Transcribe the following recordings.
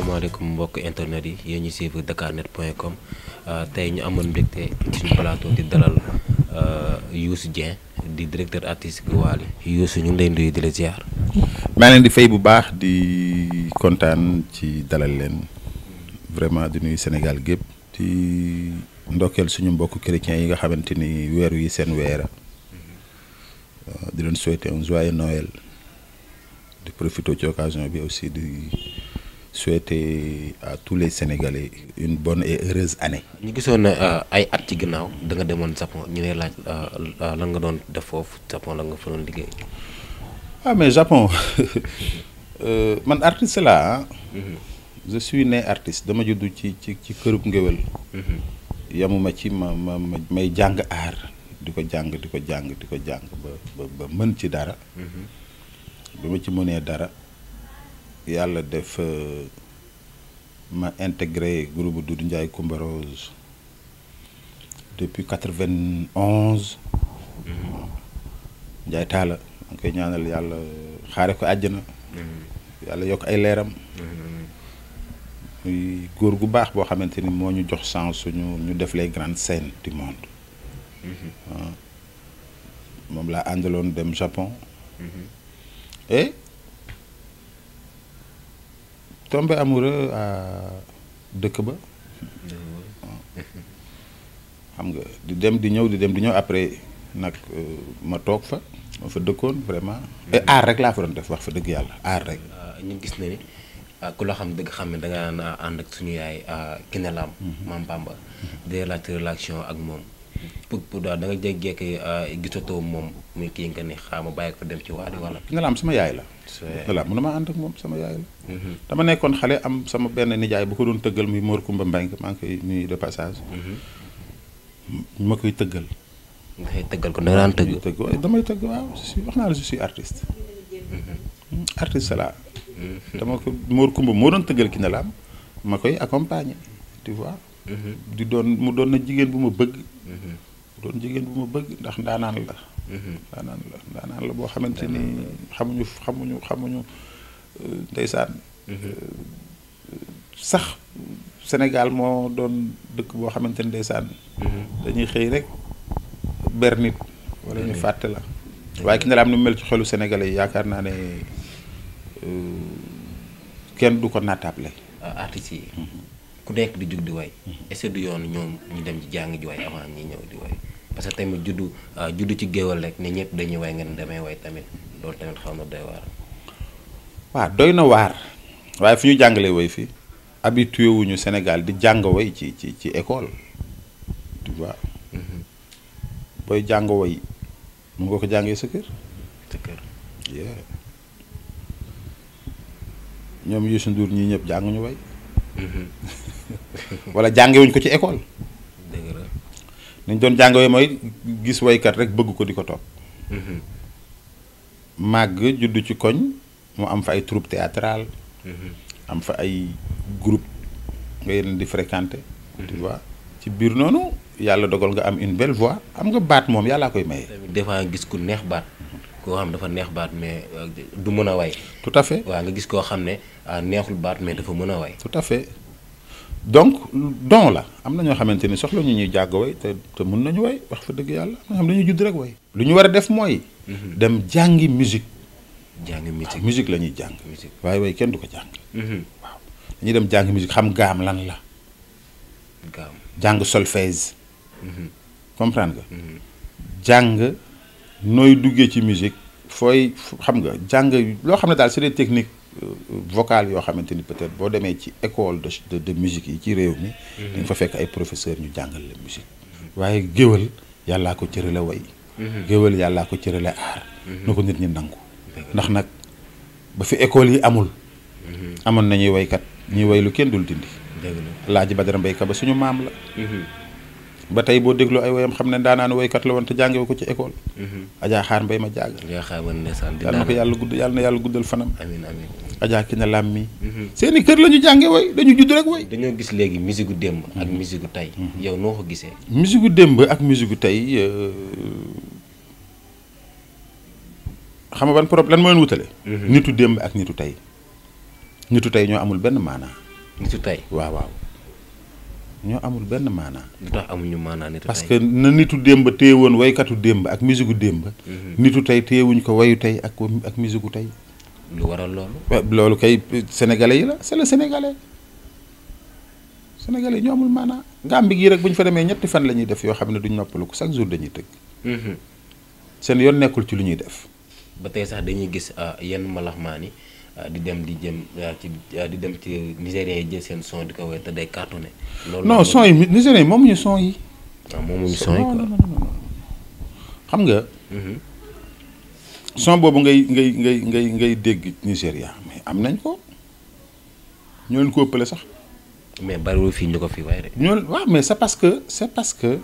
asalaamaaleykum mbokk internet yi yéen ñu suivre dakarnet.com euh, tey ñu amoon mbégte ci suñu plateau di dalal euh, Youssou Dieng di directeur artistique Wally Youssou ñu ngi lay di la ziar. maa di fay bu baax di kontaan ci dalal leen vraiment di nuyu Sénégal gépp di ndokkeel suñu mbokk chrétiens yi nga xamante ni weer yi seen weera euh, di leen souhaiter un joyeux Noël di profiter ci occasion bi aussi di. souhaiter à tous les Sénégalais une bonne et heureuse année. ñu gisoon euh, ay at ci ginnaaw da nga demoon Japon ñu lay laaj euh, euh, lan nga doon def foofu Japon lan nga fa doon liggéey. ah mais Japon man euh, artiste laa mm-hmm. je suis né artiste dama judd ci ci ci kërub ngéwél mm-hmm. yamuma ci ma ma may jàng aar di ko jàng di ko jàng di ko jàng ba ba mën ci dara. Mm-hmm. bi ci mënee dara. yàlla def euh, ma intégré groupe Doudou Ndiaye Coumba Rose depuis quatre-vingt-onze mm-hmm. Ndiaye Talla ma koy ñaanal yàlla xaare ko àjjana mm-hmm. yàlla yokk ay leeram mm-hmm. muy góor gu baax boo xamante ni moo ñu jox chance suñu ñu def les grandes scènes du monde ah. moom laa àndaloon dem Japon eh? tombé amoureux dëkk ba. xam nga di dem di ñëw di dem di ñëw après nag euh, ma toog fa ma fa dëkkoon vraiment. aar rek laa fa doon def wax fa dëgg yàlla aar rek. Euh, ñu gis na ni euh, ku la xam dëgg xam ne da nga ànd ak suñu yaay Kiné Lam. Mhm. Mame Bamba mhm. di laajte ak moom. pour pour daal da nga jékki-jékki euh, gisatoo moom muy kii nga ne xaama bàyyi ko dem ci waa wala. nga la sama yaay la. voilà mun na ma ànd ak moom sama yaay la. Mhm. dama nekkoon xale am sama benn nijaay bu ko doon tëggal muy moor Kumba Mbengue maa ngi koy nuyu de passage. Mhm. ma koy tëggal. nga koy tëggal kon da nga damay tëgg waaw wax naa la si suis artiste. Mhm. artiste la dama ko Mor Kumba moo doon tëggal ki ne la ma koy accompagner tu vois. Mhm. di doon mu doon na jigéen bu ma bëgg. Mhm. mu doon jigéen bu ma bëgg ndax ndaanaan la. Mhm. ndaanaan la ndaanaan la boo xamante ni xamuñu xamuñu xamuñu euh, ndeysaan. Euh, sax Sénégal moo doon dëkk boo xamante ni ndeysaan. dañuy xëy rek ber nit. wala ñu fàtte la. waaye ki ne la am nu mel ci xelu Sénégalais yi yaakaar naa ne euh, kenn du ko naataable. artistes bu nekk di jug di way mm-hmm. est-ce du yoon ñoom ñu dem ci jàng ji way avant ñi ñëw di way parce que tamit juddu ah, juddu ci géwal rek ne ñëpp dañuy way ngeen demee way tamit loolu tamit xaw na doy waar waaw doy na waar waaye fi ñu jàngalee way fii habitué wuñu Sénégal di jàng way ci ci ci école tu vois mm-hmm. booy jàng way mu nga ko jàngee sa kër sa kër ñoom Youssou Ndour ñii ñëpp jànguñu way Mm-hmm. wala jàngewuñ ko ci école. dëgg la nañ doon jàngewee mooy gis waykat rek bëgg ko di ko topp. Mm-hmm. màgg juddu ci koñ mu am fa ay troupe théâtrale mm-hmm. am fa ay groupe nga yeneen di fréquenter. tu ci biir noonu yàlla dogal nga am une belle voix am nga baat moom yàllaa koy maye. des fois gis ku neex baat. koo xam dafa neex baat mais euh, du mën a way. tout à fait waaw nga gis koo xam ne euh, neexul baat mais dafa mën a way. tout à fait donc don la am na ñoo xamante ni soxla ñu ñuy jàgg way te te mën nañu way wax fa dëgg yàlla am na xam dañuy judd rek way. lu ñu war a def mooy. Mm-hmm. dem jàngi musique. jàngi musique musique la ñuy jàng. waaye way kenn du ko jàng. Mm-hmm. waaw dañuy dem jàngi musique xam gaam lan la. gaam jàng solfège. Mm-hmm. comprendre nga. jàng nooy duggee ci musique fooy xam nga jàng loo xam ne daal c'est des technique euh, vocales yoo xamante ni peut-être boo demee ci école de de musique yi ci réew mi. Mhm. dañ fa fekk ay professeurs ñu jàngal la musique. waaye géwël yàllaa ko cërale way. Mhm. géwël yàllaa ko cërale aar. Mhm. na ko nit ñi nangu. ndax nag ba fi école yi amul. amoon na ñuy waykat ñuy way lu kenn dul dindi. laaj ba Alaaji Badara Mbay Kaba suñu maam la. ba tey boo déglu ay woyam xam ne daanaanu woykat la woon te jàngewu ko ci école. Mhm. Adja xaar mbay ma jàgg. yàlla na ko yàlla gudd yàlla na yàlla guddal fanam. amiin amiin. Adja ki na lam mhm. seeni kër la ñu jànge woy dañu judd rek woy. dañoo gis léegi musique gu démb. ak mhm. musique gu tey. yow noo ko gisee. musique gu démb ak musique gu tey euh, xam nga ban problème lan moo leen wutale. nitu démb ak nitu tey. nitu tey ñoo amul benn maanaa. nitu tey waaw waaw. ñoo amul benn maanaa. lu tax amuñu maanaa nitu parce que na nitu démb téyewoon waykatu démb ak musigu démb. Mhm. nitu tey téyewuñ ko wayu tey ak ak musigu tey. lu waral loolu. loolu kay sénégalais yi la c'est le sénégalais sénégalais yi ñoo amul maanaa Gàmbi gi rek bu ñu fa demee ñetti fan la ñuy def yoo xam ne duñ noppalu ko chaque jour dañuy tëgg. Mhm. seen yoon nekkul ci lu ñuy def. ba tey sax dañuy gis ah, yenn malaxmaan yi Euh, di dem di jëm euh, ci euh, di dem ci Nigériens yi jël seen son di ko wéy te day cartonné. loolu non son yi Nigériens yi moomuñu son ah, son yi xam nga. Mhm. son boobu ngay ngay ngay ngay ngay dégg Nigéria mais am nañ ko ñoo leen ko ëppale sax. mais bariwul fii ñu ko fii waaye rek. ñoo waaw mais c'est parce que c'est parce que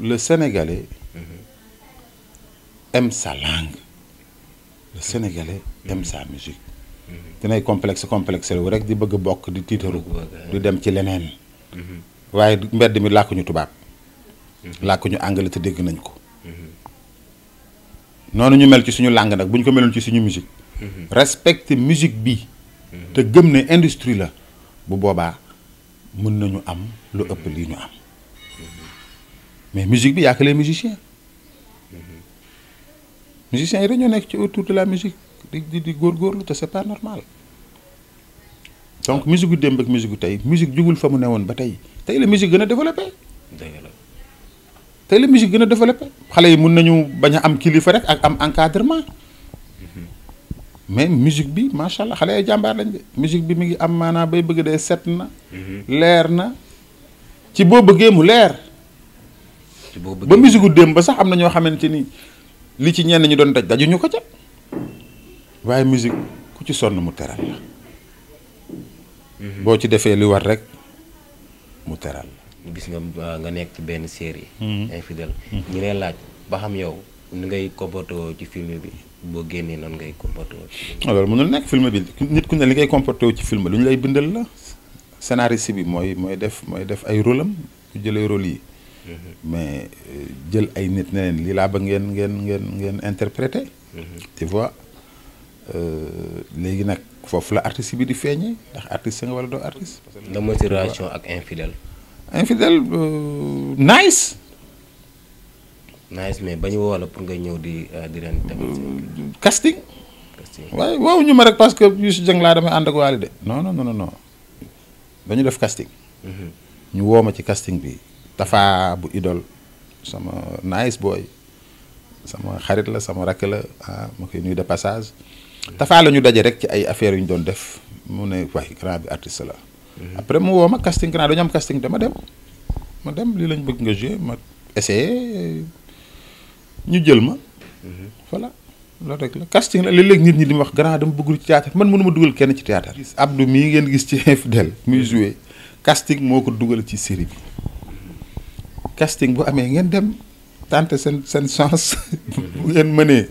le Sénégalais mhm. aime sa langue le Sénégalais aime sa musique. dinay complexe complexe wu rek di bëgg bokk di tiitaru di dem ci leneen mhm. waaye mbedd mi làkkuñu tubaab mhm. làkkuñu anglais te dégg nañ ko mhm. noonu ñu mel ci suñu làng nag bu ko meloon ci suñu musique respecter musique bi te gëm ne industrie la bu boobaa mën nañu am lu ëpp lii ñu am mais musique bi yaa que les musiciens yi dañoo nekk ci autour de la musique di di góorgóorlu te c'est pas normal donc musique gu démb ak musique gu tey musique jugul fa mu ne woon ba tey tey la musique gën a développé. la tey la gën a développé xale yi mun nañu bañ a am kilifa rek ak am encadrement mais musique bi macha allah xale ay jàmbaar lañ de musique bi mi ngi am maanaa bay bëgg dee set na. Mhm. leer na ci boo bëggee mu leer. ba musique gu démb ba sax am na ñoo xamante ni li ci ñenn ñu doon daj daju ñu ko ca. waaye musique ku ci sonn mu teral la boo ci defee li war rek mu teral la gis nga ah, nga nekk ci benn série mm-hmm. infidèle mm-hmm. ñu leen laaj ba xam yow ni ngay comportewoo ci film bi boo génnee noonu ngay comportewoo loolu mënul nekk film bi nit ku ne li ngay comportewoo ci film lu ñu lay bindal la scénariste bi mooy mooy def mooy def ay rôle am ku jëlee rôle yi mm-hmm. mais euh, jël ay nit ne leen lii laa ba ngeen ngeen ngeen ngeen interpréter tu Euh, léegi nag foofu la artiste bi di feeñee ndax artiste nga wala doo artiste. la motivation ak infidèle. infidèle euh, nice. nice mais bañu woo la pour nga ñëw di euh, di leen tamit. casting. casting waaye waaw ñu ma rek parce que Youssou Dieng laa damay ànd ak de. non non non non dañu def casting. Mhm. ñu woo ma ci casting bi Tafa bu idol sama nice boy sama xarit la sama rakk la ah koy nuyu de passage. Tafa la ñu daje rek ci ay affaires yu ñu doon def mu ne waay grand bi artiste la. Mhm. après mu woo ma casting grand dañu am casting dama dem ma dem lii lañ bëgg nga joué ma essayé ñu jël ma. Mhm. voilà loolu rek la casting la léeg-léeg nit ñi di wax grand dama bëggul ci théâtre man mënuma dugal kenn ci théâtre Abdou mii ngeen gis ci infidèle muy mhm. joué casting moo ko dugal ci série bi casting bu amee ngeen dem tenter seen seen chance bu ngeen mënee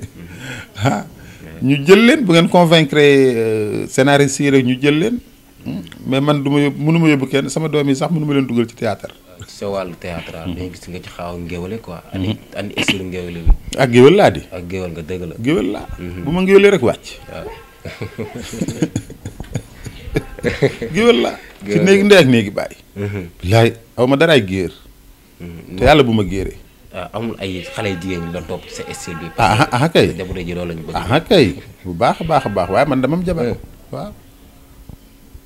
ah. ñu jël leen bu ngeen convaincre euh, scénariste yi rek ñu jël leen. mais man du ma yóbbu mënu ma yóbbu kenn sama doom yi sax mënu ma leen dugal ci théâtre sa wàllu théâtre dañu gis ci xaaw ngéwale quoi. Hmm. ak géwél laa di. ak géwél nga dëgg géwél laa. Hmm. bu ma ngéwélee rek wàcc. waaw. géwél laa. ci néegi ndey ak néegi bàyyi. Hmm. bilaay aw ma daraay géer. te yàlla bu ma géeree. Euh, amul ay xale jigéen ñi la topp sa style bi. Ah, ah ah kay jamono ji loolu lañu bëgg. Ah, kay bu baax a baax baax waaye man damam jabar waaw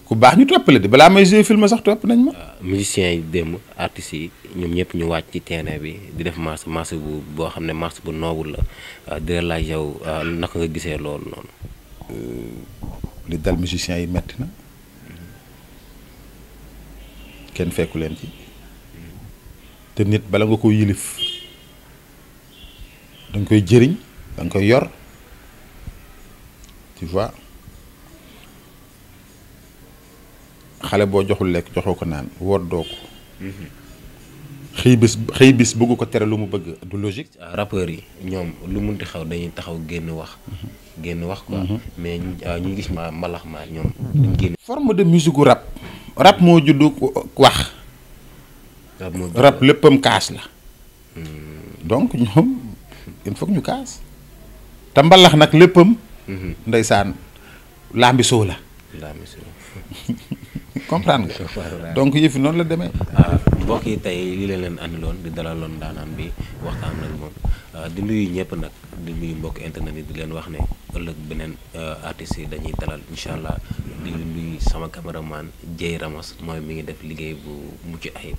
ku baax ñu toppale balaa may jouer film sax topp nañ ma. Euh, musiciens yi démb artistes yi ñoom ñëpp ñu wàcc ci terrain bi di def marche marche bu boo xam ne marche bu noble la euh, di laaj yow naka gisee loolu noonu. li yi metti na kenn fekku leen ci mm-hmm. te nit bala nga ko yilif. da koy jëriñ da koy yor tu xale boo joxul lekk joxoo ko naan woor doo ko. Mm-hmm. xëy bis xëy bis bëgg ko tere lu mu bëgg du logique. Ah, rappeurs yi ñoom lu mun ti xaw dañuy taxaw génn wax. Mm-hmm. génn wax ko mm-hmm. mais ah, ñu gis ma mbalax ma ñoom. dañ génn forme de musique gu rap. rap moo juddu wax. rap léppam kaas la. Mm. donc ñoom il faut ñu kaas te mbalax nag léppam. Mhm. ndeysaan laambi soo la. laambi soo nga. donc yëf noonu la demee. Ah, mbokk yi tey lii la leen andiloon di dalaloon daanaan bi waxtaan ak moom ah, di nuyu ñëpp nag di nuyu mbokk internet yi di leen wax ne ëllëg beneen ah, artistes yi dañuy dalal incha allah di nuyu sama cameraman Dieye Ramos mooy mi ngi def liggéey bu mucc ayib.